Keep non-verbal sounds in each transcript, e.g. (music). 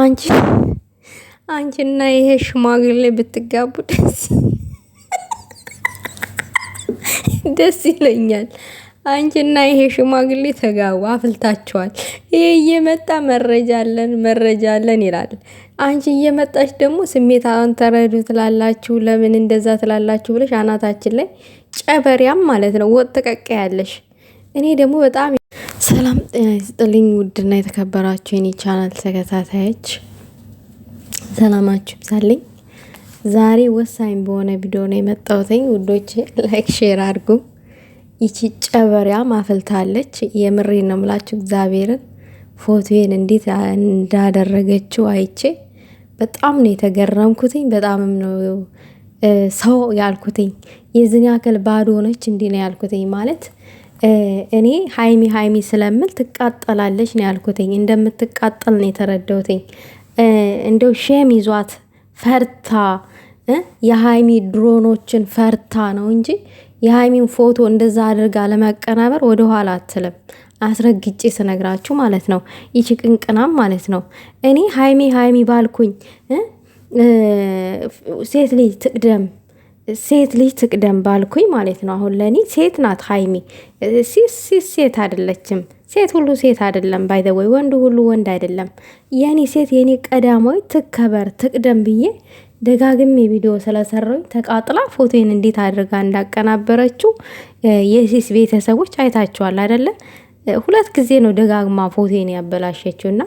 አንቺ አንቺና ይሄ ሽማግሌ ብትጋቡ ደስ ደስ ይለኛል። አንቺና ይሄ ሽማግሌ ተጋቡ፣ አፍልታቸዋል። ይሄ እየመጣ መረጃ አለን መረጃ አለን ይላል። አንቺ እየመጣች ደግሞ ስሜት አንተረዱ ትላላችሁ፣ ለምን እንደዛ ትላላችሁ ብለሽ አናታችን ላይ ጨበሪያም ማለት ነው ወጥ ያለሽ እኔ ደግሞ በጣም ሰላም ጤና ይስጥልኝ። ውድና የተከበራችሁ የኔ ቻናል ተከታታዮች ሰላማችሁ ይብዛልኝ። ዛሬ ወሳኝ በሆነ ቪዲዮ ነው የመጣሁትኝ ውዶች፣ ላይክ ሼር አድርጉ። ይቺ ጨበሪያ ማፈልታለች። የምሬ ነው ምላችሁ እግዚአብሔርን ፎቶዬን እንዴት እንዳደረገችው አይቼ በጣም ነው የተገረምኩትኝ። በጣምም ነው ሰው ያልኩትኝ። የዝን ያክል ባዶ ሆነች እንዲህ ነው ያልኩትኝ ማለት እኔ ሀይሚ ሀይሚ ስለምል ትቃጠላለች ነው ያልኩትኝ። እንደምትቃጠል ነው የተረዳሁትኝ። እንደው ሼም ይዟት ፈርታ የሀይሚ ድሮኖችን ፈርታ ነው እንጂ የሀይሚን ፎቶ እንደዛ አድርጋ ለመቀናበር ወደኋላ አትልም። አስረግጬ ስነግራችሁ ማለት ነው። ይቺ ቅንቅናም ማለት ነው። እኔ ሀይሚ ሀይሚ ባልኩኝ ሴት ልጅ ትቅደም ሴት ልጅ ትቅደም ባልኩኝ ማለት ነው። አሁን ለእኔ ሴት ናት ሀይሚ ሲስ ሲስ ሴት አይደለችም። ሴት ሁሉ ሴት አይደለም። ባይዘወይ ወንዱ ሁሉ ወንድ አይደለም። የኔ ሴት የኔ ቀዳማዊ ትከበር ትቅደም ብዬ ደጋግሜ ቪዲዮ ስለሰራሁኝ ተቃጥላ ፎቶን እንዴት አድርጋ እንዳቀናበረችው የሲስ ቤተሰቦች አይታችኋል አይደለ? ሁለት ጊዜ ነው ደጋግማ ፎቶን ያበላሸችውና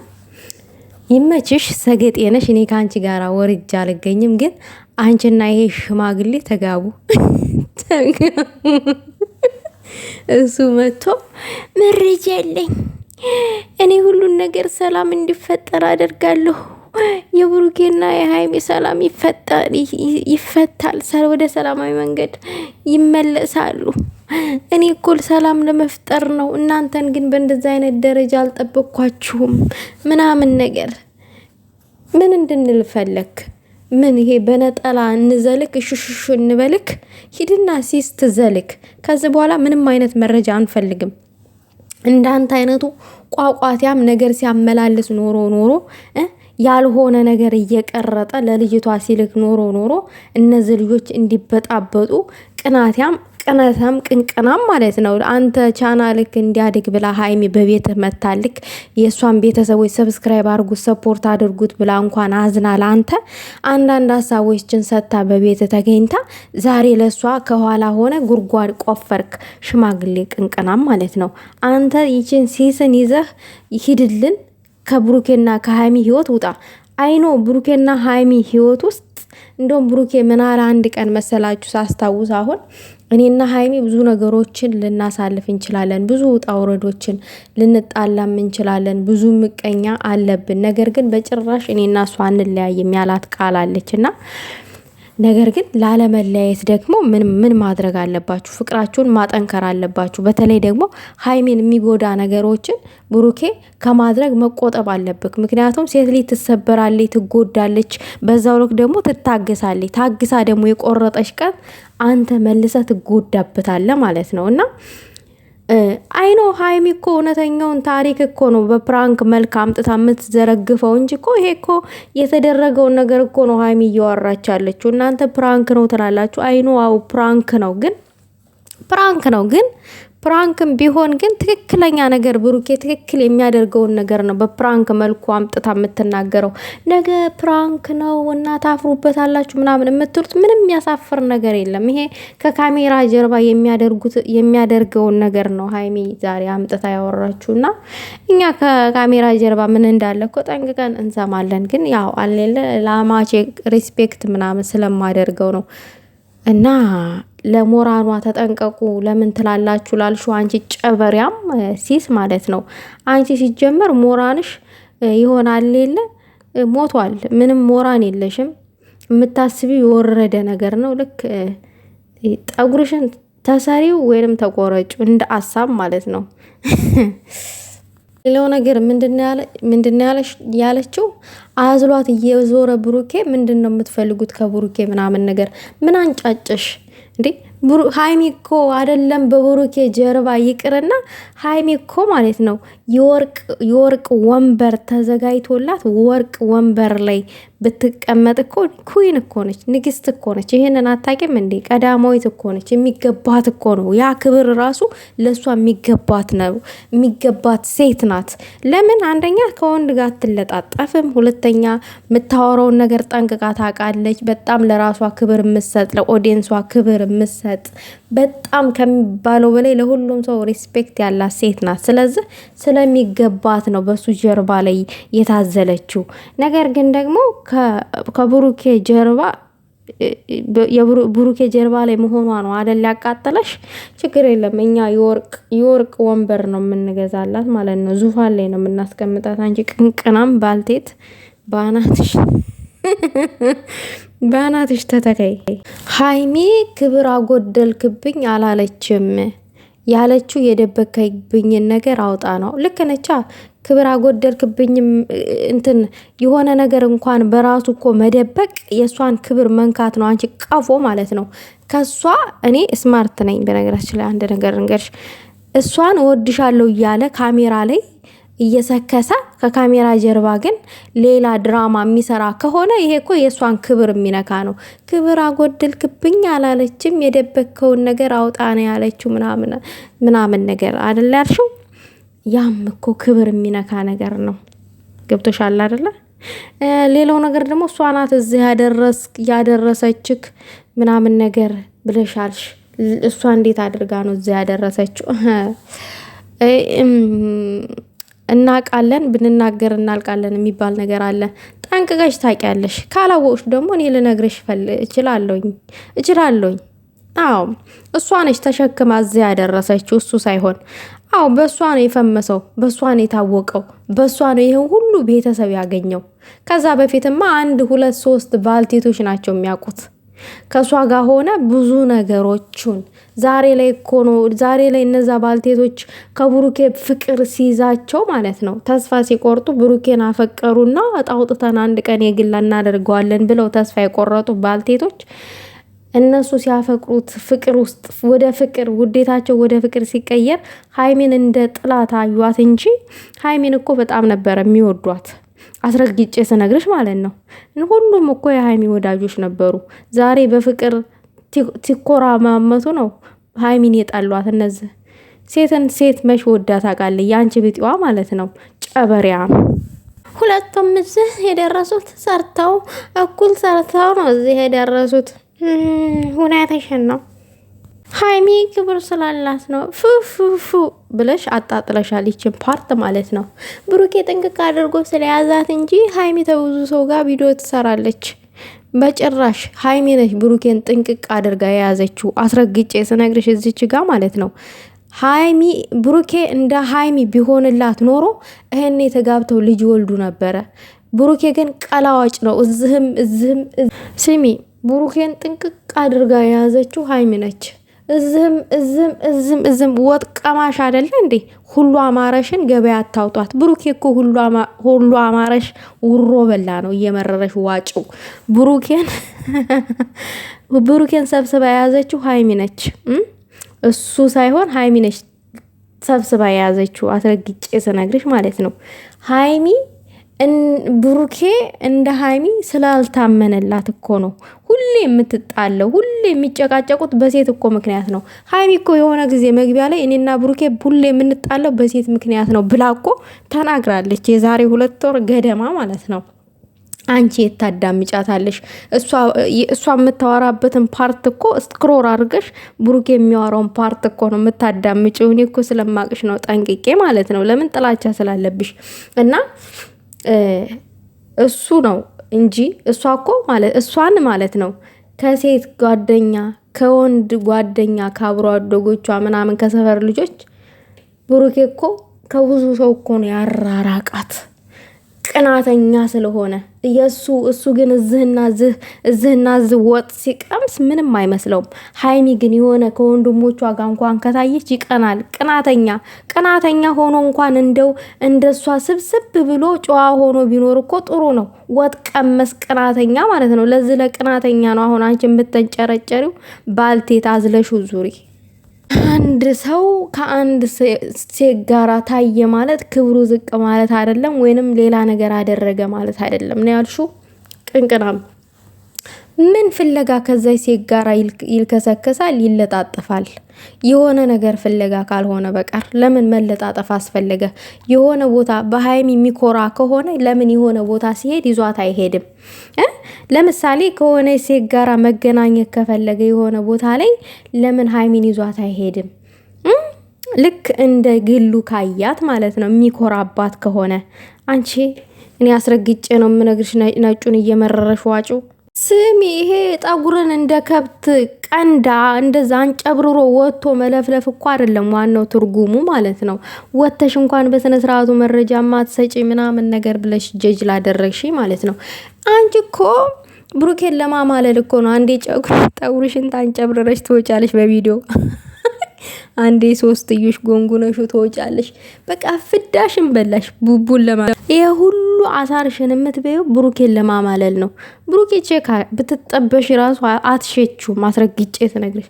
ይመችሽ፣ ሰገጤ ነሽ። እኔ ከአንቺ ጋር ወርጅ አልገኝም፣ ግን አንቺና ይሄ ሽማግሌ ተጋቡ። እሱ መጥቶ መረጃ የለኝ እኔ ሁሉን ነገር ሰላም እንዲፈጠር አደርጋለሁ የብሩኬና የሀይሜ ሰላም ይፈታል፣ ወደ ሰላማዊ መንገድ ይመለሳሉ። እኔ እኮ ሰላም ለመፍጠር ነው። እናንተን ግን በእንደዚ አይነት ደረጃ አልጠበቅኳችሁም ምናምን ነገር ምን እንድንልፈለክ? ምን ይሄ በነጠላ እንዘልክ እሽሽሹ እንበልክ ሂድና ሲስ ትዘልክ። ከዚህ በኋላ ምንም አይነት መረጃ አንፈልግም። እንዳንተ አይነቱ ቋቋትያም ነገር ሲያመላልስ ኖሮ ኖሮ ያልሆነ ነገር እየቀረጠ ለልጅቷ ሲልክ ኖሮ ኖሮ እነዚህ ልጆች እንዲበጣበጡ ቅናትያም ቅነተም ቅንቅናም ማለት ነው። አንተ ቻና ልክ እንዲያድግ ብላ ሀይሚ በቤት መታልክ የእሷን ቤተሰቦች ሰብስክራይብ አድርጉት፣ ሰፖርት አድርጉት ብላ እንኳን አዝና ለአንተ አንዳንድ ሀሳቦችን ሰጥታ በቤት ተገኝታ ዛሬ ለእሷ ከኋላ ሆነ ጉርጓድ ቆፈርክ። ሽማግሌ ቅንቅናም ማለት ነው። አንተ ይችን ሲስን ይዘህ ሂድልን፣ ከብሩኬና ከሀይሚ ህይወት ውጣ። አይኖ ብሩኬና ሀይሚ ህይወት ውስጥ እንደውም ብሩኬ ምናለ አንድ ቀን መሰላችሁ ሳስታውስ አሁን እኔና ሀይሚ ብዙ ነገሮችን ልናሳልፍ እንችላለን። ብዙ ውጣ ውረዶችን ልንጣላም እንችላለን። ብዙ ምቀኛ አለብን። ነገር ግን በጭራሽ እኔና እሷ አንለያይም ያላት ቃል አለች እና ነገር ግን ላለመለያየት ደግሞ ምን ማድረግ አለባችሁ? ፍቅራችሁን ማጠንከር አለባችሁ። በተለይ ደግሞ ሀይሜን የሚጎዳ ነገሮችን ብሩኬ ከማድረግ መቆጠብ አለብክ። ምክንያቱም ሴት ልጅ ትሰበራለች፣ ትጎዳለች፣ በዛው ልክ ደግሞ ትታግሳለች። ታግሳ ደግሞ የቆረጠች ቀን አንተ መልሰ ትጎዳበታለ ማለት ነው እና አይኖ ሀይሚ እኮ እውነተኛውን ታሪክ እኮ ነው በፕራንክ መልክ አምጥታ የምትዘረግፈው እንጂ እኮ ይሄ እኮ የተደረገውን ነገር እኮ ነው ሀይሚ እያወራች ያለችው። እናንተ ፕራንክ ነው ትላላችሁ። አይኖ አው ፕራንክ ነው ግን ፕራንክ ነው ግን ፕራንክም ቢሆን ግን ትክክለኛ ነገር ብሩኬ ትክክል የሚያደርገውን ነገር ነው በፕራንክ መልኩ አምጥታ የምትናገረው። ነገ ፕራንክ ነው እና ታፍሩበታላችሁ ምናምን የምትሉት ምንም የሚያሳፍር ነገር የለም። ይሄ ከካሜራ ጀርባ የሚያደርገውን ነገር ነው ሀይሚ ዛሬ አምጥታ ያወራችሁ እና እኛ ከካሜራ ጀርባ ምን እንዳለ እኮ ጠንቅቀን እንሰማለን። ግን ያው አሌለ ለአማቼ ሪስፔክት ምናምን ስለማደርገው ነው እና ለሞራኗ ተጠንቀቁ ለምን ትላላችሁ ላልሹ አንቺ ጨበሪያም ሲስ ማለት ነው። አንቺ ሲጀመር ሞራንሽ ይሆናል የለ ሞቷል። ምንም ሞራን የለሽም። የምታስቢው የወረደ ነገር ነው። ልክ ጠጉርሽን ተሰሪው ወይንም ተቆረጩ እንደ አሳብ ማለት ነው። ሌላው ነገር ምንድን ያለችው አዝሏት እየዞረ ብሩኬ ምንድን ነው የምትፈልጉት ከብሩኬ ምናምን ነገር ምን አንጫጭሽ? అంటే ሀይሚ እኮ አይደለም በብሩኬ ጀርባ ይቅርና ሀይሚ እኮ ማለት ነው የወርቅ ወንበር ተዘጋጅቶላት ወርቅ ወንበር ላይ ብትቀመጥ እኮ ኩዊን እኮ ነች፣ ንግስት እኮ ነች። ይህንን አታቂም እንዴ? ቀዳማዊት እኮ ነች። የሚገባት እኮ ነው። ያ ክብር ራሱ ለእሷ የሚገባት ነው። የሚገባት ሴት ናት። ለምን አንደኛ ከወንድ ጋር አትለጣጠፍም፣ ሁለተኛ የምታወራውን ነገር ጠንቅቃ ታውቃለች። በጣም ለራሷ ክብር የምትሰጥ ለኦዲየንሷ ክብር የምትሰጥ የምትሰጥ በጣም ከሚባለው በላይ ለሁሉም ሰው ሪስፔክት ያላት ሴት ናት። ስለዚህ ስለሚገባት ነው በሱ ጀርባ ላይ የታዘለችው። ነገር ግን ደግሞ ከብሩኬ ጀርባ የብሩኬ ጀርባ ላይ መሆኗ ነው አደል ያቃጠለሽ። ችግር የለም እኛ የወርቅ ወንበር ነው የምንገዛላት ማለት ነው። ዙፋን ላይ ነው የምናስቀምጣት። አንቺ ቅንቅናም ባልቴት ባናትሽ በአናትሽ ተተከይ። ሀይሚ ክብር አጎደልክብኝ አላለችም። ያለችው የደበከብኝን ነገር አውጣ ነው። ልክ ነቻ። ክብር አጎደልክብኝም እንትን የሆነ ነገር እንኳን በራሱ እኮ መደበቅ የእሷን ክብር መንካት ነው። አንቺ ቀፎ ማለት ነው። ከእሷ እኔ ስማርት ነኝ። በነገራችን ላይ አንድ ነገር ንገርሽ፣ እሷን እወድሻለሁ እያለ ካሜራ ላይ እየሰከሰ ከካሜራ ጀርባ ግን ሌላ ድራማ የሚሰራ ከሆነ ይሄ እኮ የእሷን ክብር የሚነካ ነው። ክብር አጎደልክብኝ አላለችም። የደበከውን ነገር አውጣ ነው ያለችው ምናምን ነገር አደለ ያልሽው። ያም እኮ ክብር የሚነካ ነገር ነው። ገብቶሻል አደለ? ሌላው ነገር ደግሞ እሷ ናት እዚህ ያደረሰችክ ምናምን ነገር ብለሻልሽ። እሷ እንዴት አድርጋ ነው እዚህ ያደረሰችው? እናውቃለን ብንናገር እናልቃለን የሚባል ነገር አለ። ጠንቅቀሽ ታውቂያለሽ። ካላወቅሽ ደግሞ እኔ ልነግርሽ እችላለሁኝ እችላለሁኝ። አዎ እሷ ነች ተሸክማ እዚያ ያደረሰችው እሱ ሳይሆን። አዎ በእሷ ነው የፈመሰው፣ በእሷ ነው የታወቀው፣ በእሷ ነው ይህን ሁሉ ቤተሰብ ያገኘው። ከዛ በፊትማ አንድ ሁለት ሶስት ባልቴቶች ናቸው የሚያውቁት። ከእሷ ጋር ሆነ ብዙ ነገሮችን ዛሬ ላይ እኮ ነው ዛሬ ላይ እነዛ ባልቴቶች ከብሩኬ ፍቅር ሲይዛቸው ማለት ነው ተስፋ ሲቆርጡ ብሩኬን አፈቀሩና ጣውጥተን አንድ ቀን የግል እናደርገዋለን ብለው ተስፋ የቆረጡ ባልቴቶች እነሱ ሲያፈቅሩት ፍቅር ውስጥ ወደ ፍቅር ውዴታቸው ወደ ፍቅር ሲቀየር ሀይሜን እንደ ጥላት አዩዋት እንጂ ሀይሜን እኮ በጣም ነበረ የሚወዷት። አስረግጬ ስነግርሽ ማለት ነው። ሁሉም እኮ የሀይሚ ወዳጆች ነበሩ። ዛሬ በፍቅር ማመቱ ነው ሀይሚን የጣሏት እነዚህ። ሴትን ሴት መሽ ወዳት አቃለ የአንቺ ብጤዋ ማለት ነው ጨበሪያ ሁለቱም እዚህ የደረሱት ሰርተው እኩል ሰርተው ነው እዚህ የደረሱት። ሁኔታሽን ነው ሀይሚ ክብር ስላላት ነው ፉፉፉ ብለሽ አጣጥለሻል። ይችን ፓርት ማለት ነው ብሩኬ ጥንቅቅ አድርጎ ስለያዛት እንጂ ሀይሚ ተብዙ ሰው ጋር ቪዲዮ ትሰራለች። በጭራሽ ሀይሚ ነች ብሩኬን ጥንቅቅ አድርጋ የያዘችው። አስረግጬ ስነግርሽ እዚች ጋር ማለት ነው ሀይሚ ብሩኬ እንደ ሀይሚ ቢሆንላት ኖሮ እህን ተጋብተው ልጅ ወልዱ ነበረ። ብሩኬ ግን ቀላዋጭ ነው። እዝህም እዝህም ስሚ፣ ብሩኬን ጥንቅቅ አድርጋ የያዘችው ሀይሚ ነች። እዝም እዝም እዝም እዝም ወጥ ቀማሽ አይደለ እንዴ? ሁሉ አማረሽን ገበያ አታውጧት። ብሩኬ እኮ ሁሉ አማረሽ ውሮ በላ ነው እየመረረሽ ዋጭው። ብሩኬን (laughs) ብሩኬን ሰብስባ የያዘችው ሀይሚ ነች፣ እሱ ሳይሆን ሀይሚ ነች ሰብስባ የያዘችው። አስረግጬ ስነግርሽ ማለት ነው ሀይሚ ብሩኬ እንደ ሀይሚ ስላልታመነላት እኮ ነው ሁሌ የምትጣለው፣ ሁሌ የሚጨቃጨቁት በሴት እኮ ምክንያት ነው። ሀይሚ እኮ የሆነ ጊዜ መግቢያ ላይ እኔና ብሩኬ ሁሌ የምንጣለው በሴት ምክንያት ነው ብላ እኮ ተናግራለች። የዛሬ ሁለት ወር ገደማ ማለት ነው። አንቺ የታዳምጫታለሽ? እሷ የምታወራበትን ፓርት እኮ ስክሮር አድርገሽ ብሩኬ የሚያወራውን ፓርት እኮ ነው የምታዳምጭ። እኔ እኮ ስለማቅሽ ነው ጠንቅቄ ማለት ነው። ለምን ጥላቻ ስላለብሽ እና እሱ ነው እንጂ እሷ እኮ ማለት እሷን ማለት ነው ከሴት ጓደኛ ከወንድ ጓደኛ ከአብሮ አደጎቿ ምናምን ከሰፈር ልጆች ብሩኬ እኮ ከብዙ ሰው እኮ ነው ያራራቃት። ቅናተኛ ስለሆነ የእሱ እሱ ግን እዝህና ዝህ እዝህና ዝህ ወጥ ሲቀምስ ምንም አይመስለውም። ሀይሚ ግን የሆነ ከወንድሞቿ ጋር እንኳን ከታየች ይቀናል። ቅናተኛ ቅናተኛ ሆኖ እንኳን እንደው እንደሷ ስብስብ ብሎ ጨዋ ሆኖ ቢኖር እኮ ጥሩ ነው። ወጥ ቀመስ ቅናተኛ ማለት ነው። ለዚህ ለቅናተኛ ነው አሁን አንቺ የምትንጨረጨሪው ባልቴት አዝለሹ ዙሪ አንድ ሰው ከአንድ ሴት ጋር ታየ ማለት ክብሩ ዝቅ ማለት አይደለም፣ ወይንም ሌላ ነገር አደረገ ማለት አይደለም ነው ያልሹ ቅንቅናም ምን ፍለጋ ከዛይ ሴት ጋር ይልከሰከሳል፣ ይለጣጠፋል። የሆነ ነገር ፍለጋ ካልሆነ በቀር ለምን መለጣጠፍ አስፈለገ? የሆነ ቦታ በሀይሚ የሚኮራ ከሆነ ለምን የሆነ ቦታ ሲሄድ ይዟት አይሄድም? ለምሳሌ ከሆነ ሴት ጋራ መገናኘት ከፈለገ የሆነ ቦታ ላይ ለምን ሀይሚን ይዟት አይሄድም? ልክ እንደ ግሉ ካያት ማለት ነው። የሚኮራባት ከሆነ አንቺ እኔ አስረግጬ ነው የምነግርሽ፣ ነጩን እየመረረሽ ዋጩ። ስሚ ይሄ ጠጉርን እንደ ከብት ቀንዳ እንደዛ አንጨብርሮ ወጥቶ መለፍለፍ እኮ አይደለም ዋናው ትርጉሙ ማለት ነው። ወተሽ እንኳን በስነ ስርዓቱ መረጃ ማትሰጪ ምናምን ነገር ብለሽ ጀጅ ላደረግሽ ማለት ነው። አንቺ እኮ ብሩኬን ለማማለል እኮ ነው። አንዴ ጨጉር ጠጉርሽን ታንጨብርረሽ ትወጫለሽ በቪዲዮ አንዴ ሶስትዮሽ ጎንጉነሹ ትወጫለሽ። በቃ ፍዳሽን በላሽ። ቡቡን ለማ ይሄ ሁሉ አሳርሽን የምትበየው ብሩኬን ለማማለል ነው። ብሩኬ ቼካ ብትጠበሽ ራሱ አትሸችው ማስረግጬ ትነግርሽ።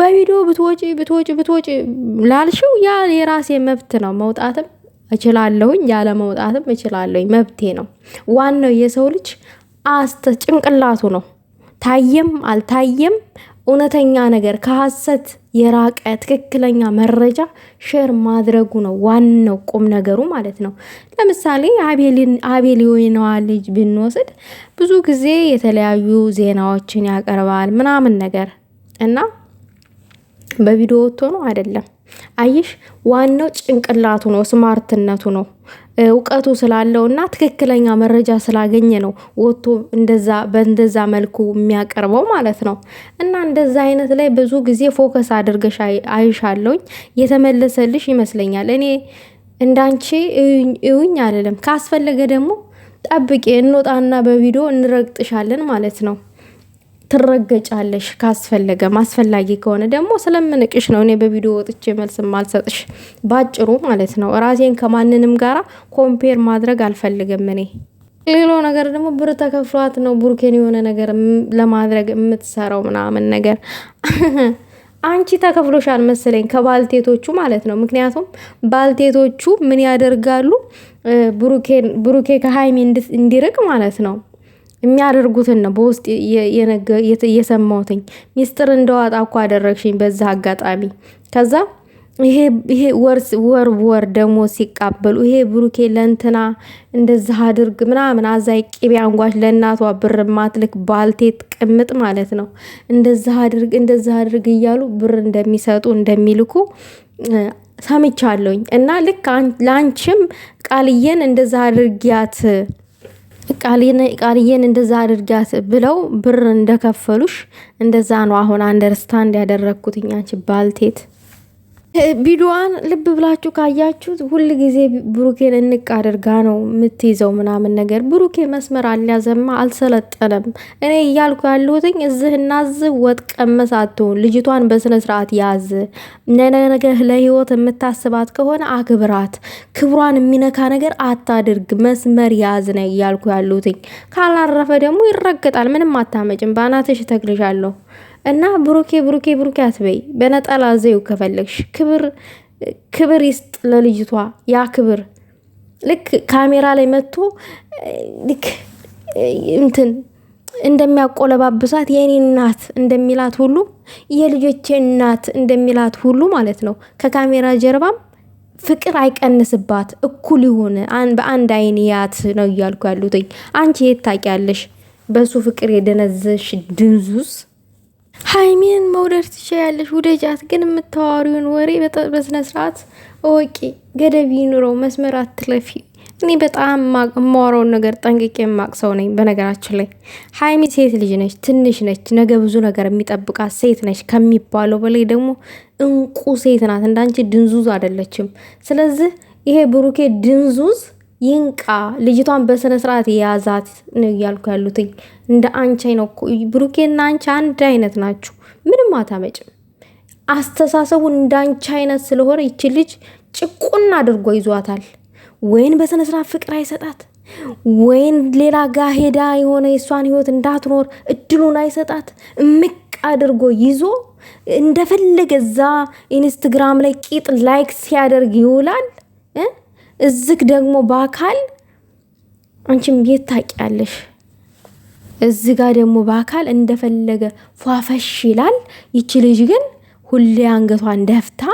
በቪዲዮ ብትወጪ ብትወጪ ብትወጪ ላልሽው ያ የራሴ መብት ነው። መውጣትም እችላለሁኝ ያለ መውጣትም እችላለሁኝ፣ መብቴ ነው። ዋናው የሰው ልጅ አስተ ጭንቅላቱ ነው። ታየም አልታየም እውነተኛ ነገር ከሐሰት የራቀ ትክክለኛ መረጃ ሼር ማድረጉ ነው ዋናው ቁም ነገሩ ማለት ነው። ለምሳሌ አቤል የወይናዋ ልጅ ብንወስድ ብዙ ጊዜ የተለያዩ ዜናዎችን ያቀርባል ምናምን ነገር እና በቪዲዮ ወጥቶ ነው አይደለም። አይሽ ዋናው ጭንቅላቱ ነው፣ ስማርትነቱ ነው፣ እውቀቱ እና ትክክለኛ መረጃ ስላገኘ ነው ወጥቶ እንደዛ በእንደዛ መልኩ የሚያቀርበው ማለት ነው። እና እንደዛ አይነት ላይ ብዙ ጊዜ ፎከስ አድርገሽ አይሻለውኝ የተመለሰልሽ ይመስለኛል። እኔ እንዳንቺ እውኝ አይደለም ካስፈለገ ደግሞ ጠብቄ እንወጣና በቪዲዮ እንረግጥሻለን ማለት ነው። ትረገጫለሽ ካስፈለገ አስፈላጊ ከሆነ ደግሞ ስለምንቅሽ ነው። እኔ በቪዲዮ ወጥቼ መልስ ማልሰጥሽ ባጭሩ ማለት ነው። ራሴን ከማንንም ጋራ ኮምፔር ማድረግ አልፈልግም። እኔ ሌላው ነገር ደግሞ ብር ተከፍሏት ነው ቡርኬን የሆነ ነገር ለማድረግ የምትሰራው ምናምን ነገር (laughs) አንቺ ተከፍሎሻል መሰለኝ ከባልቴቶቹ ማለት ነው። ምክንያቱም ባልቴቶቹ ምን ያደርጋሉ ብሩኬ ከሀይሚ እንዲርቅ ማለት ነው የሚያደርጉትን ነው በውስጥ የሰማሁትኝ። ሚስጥር እንደዋጣ እኮ አደረግሽኝ በዛ አጋጣሚ። ከዛ ይሄ ወርስ ወር ወር ደግሞ ሲቃበሉ ይሄ ብሩኬ ለንትና እንደዛ አድርግ ምናምን አዛይ ቅቤ አንጓች ለእናቷ ብር ማትልክ ባልቴት ቅምጥ ማለት ነው። እንደዛ አድርግ እንደዛ አድርግ እያሉ ብር እንደሚሰጡ እንደሚልኩ ሰምቻለሁኝ። እና ልክ ለአንቺም ቃልዬን እንደዛ አድርጊያት ቃልዬን እንደዛ አድርጋት ብለው ብር እንደከፈሉሽ እንደዛ ነው አሁን አንደርስታንድ ያደረግኩትኝ አንቺ ባልቴት ቪዲዮዋን ልብ ብላችሁ ካያችሁት ሁል ጊዜ ብሩኬን እንቅ አድርጋ ነው የምትይዘው ምናምን ነገር። ብሩኬ መስመር አልያዘማ አልሰለጠነም። እኔ እያልኩ ያለሁትኝ እዚህ እናዝህ ወጥ ቀመስ አትሁን። ልጅቷን በስነ ስርዓት ያዝ። ነገ ለህይወት የምታስባት ከሆነ አክብራት። ክብሯን የሚነካ ነገር አታድርግ። መስመር ያዝ ነው እያልኩ ያለሁትኝ። ካላረፈ ደግሞ ይረገጣል። ምንም አታመጭም። በአናትሽ ተክልሻለሁ። እና ብሩኬ ብሩኬ ብሩኬ አትበይ። በነጠላ ዘዩ ከፈለግሽ ክብር ክብር ይስጥ ለልጅቷ። ያ ክብር ልክ ካሜራ ላይ መጥቶ ልክ እንትን እንደሚያቆለባብሳት የእኔ እናት እንደሚላት ሁሉ የልጆቼ እናት እንደሚላት ሁሉ ማለት ነው። ከካሜራ ጀርባም ፍቅር አይቀንስባት፣ እኩል ይሁን። በአንድ አይን ያት ነው እያልኩ ያሉትኝ። አንቺ የት ታውቂያለሽ? በሱ ፍቅር የደነዘሽ ድንዙስ ሀይሚን መውደድ ትችያለሽ፣ ውደጃት። ግን የምታዋሪውን ወሬ በስነ ስርዓት እወቂ፣ ገደብ ይኑረው፣ መስመር አትለፊ። እኔ በጣም የማወራውን ነገር ጠንቅቄ የማቅ ሰው ነኝ። በነገራችን ላይ ሀይሚ ሴት ልጅ ነች፣ ትንሽ ነች፣ ነገ ብዙ ነገር የሚጠብቃት ሴት ነች ከሚባለው በላይ ደግሞ እንቁ ሴት ናት። እንዳንቺ ድንዙዝ አይደለችም። ስለዚህ ይሄ ብሩኬ ድንዙዝ ይንቃ ልጅቷን በስነ ስርዓት የያዛት ነው እያልኩ ያሉትኝ። እንደ አንቺ ነው እኮ ብሩኬና አንቺ አንድ አይነት ናችሁ። ምንም አታመጭም። አስተሳሰቡ እንደ አንቺ አይነት ስለሆነ ይቺ ልጅ ጭቁና አድርጎ ይዟታል። ወይን በስነ ስርዓት ፍቅር አይሰጣት፣ ወይን ሌላ ጋ ሄዳ የሆነ የእሷን ህይወት እንዳትኖር እድሉን አይሰጣት። እምቅ አድርጎ ይዞ እንደፈለገ እዛ ኢንስትግራም ላይ ቂጥ ላይክ ሲያደርግ ይውላል። እዝክ ደግሞ በአካል አንቺም ቤት ታውቂያለሽ። እዚ ጋር ደግሞ በአካል እንደፈለገ ፏፈሽ ይላል። ይቺ ልጅ ግን ሁሌ አንገቷን ደፍታ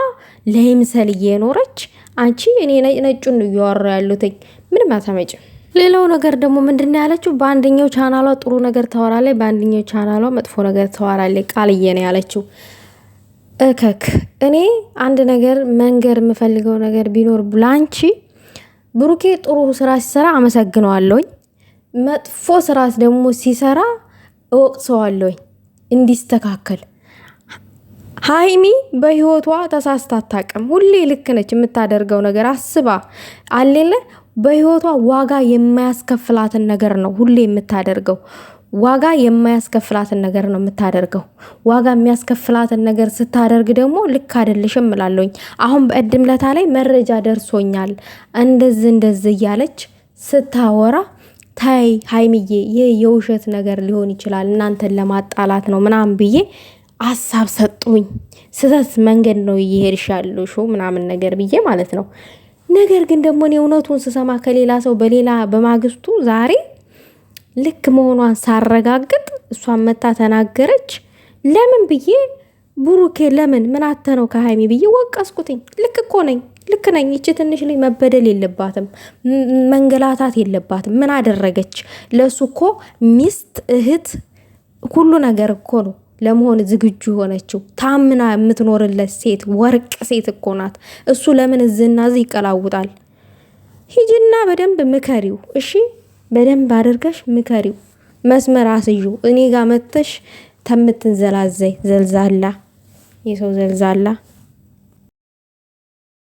ለይምሰል እየኖረች አንቺ እኔ ነጩን እያወራ ያሉትኝ ምንም አታመጭም። ሌላው ነገር ደግሞ ምንድን ያለችው በአንደኛው ቻናሏ ጥሩ ነገር ታወራለች፣ በአንደኛው ቻናሏ መጥፎ ነገር ታወራለች። ቃልዬ ነው ያለችው። እከክ እኔ አንድ ነገር መንገር የምፈልገው ነገር ቢኖር ብላንቺ ብሩኬ ጥሩ ስራ ሲሰራ አመሰግነዋለሁኝ። መጥፎ ስራ ደግሞ ሲሰራ እወቅሰዋለሁኝ እንዲስተካከል። ሀይሚ በህይወቷ ተሳስታ አታውቅም። ሁሌ ልክ ነች። የምታደርገው ነገር አስባ አሌለ በህይወቷ ዋጋ የማያስከፍላትን ነገር ነው ሁሌ የምታደርገው። ዋጋ የማያስከፍላትን ነገር ነው የምታደርገው። ዋጋ የሚያስከፍላትን ነገር ስታደርግ ደግሞ ልክ አይደለሽም እላለሁኝ። አሁን በእድም ለታ ላይ መረጃ ደርሶኛል እንደዝ እንደዝ እያለች ስታወራ ታይ ሀይምዬ፣ ይህ የውሸት ነገር ሊሆን ይችላል እናንተን ለማጣላት ነው ምናምን ብዬ አሳብ ሰጡኝ። ስህተት መንገድ ነው እየሄድሽ ሹ ምናምን ነገር ብዬ ማለት ነው። ነገር ግን ደግሞ እኔ እውነቱን ስሰማ ከሌላ ሰው በሌላ በማግስቱ ዛሬ ልክ መሆኗን ሳረጋግጥ እሷን መታ ተናገረች። ለምን ብዬ ብሩኬ ለምን ምን አተ ነው ከሀይሚ ብዬ ወቀስኩትኝ። ልክ እኮ ነኝ፣ ልክ ነኝ። ይቺ ትንሽ ልጅ መበደል የለባትም መንገላታት የለባትም። ምን አደረገች? ለእሱ እኮ ሚስት፣ እህት፣ ሁሉ ነገር እኮ ነው ለመሆን ዝግጁ የሆነችው ታምና የምትኖርለት ሴት ወርቅ ሴት እኮ ናት። እሱ ለምን እዝና እዚህ ይቀላውጣል? ሂጂና በደንብ ምከሪው እሺ። በደንብ አድርገሽ ምከሪው። መስመር አስዩ። እኔ ጋር መጥተሽ ተምትን ዘላዘይ ዘልዛላ የሰው ዘልዛላ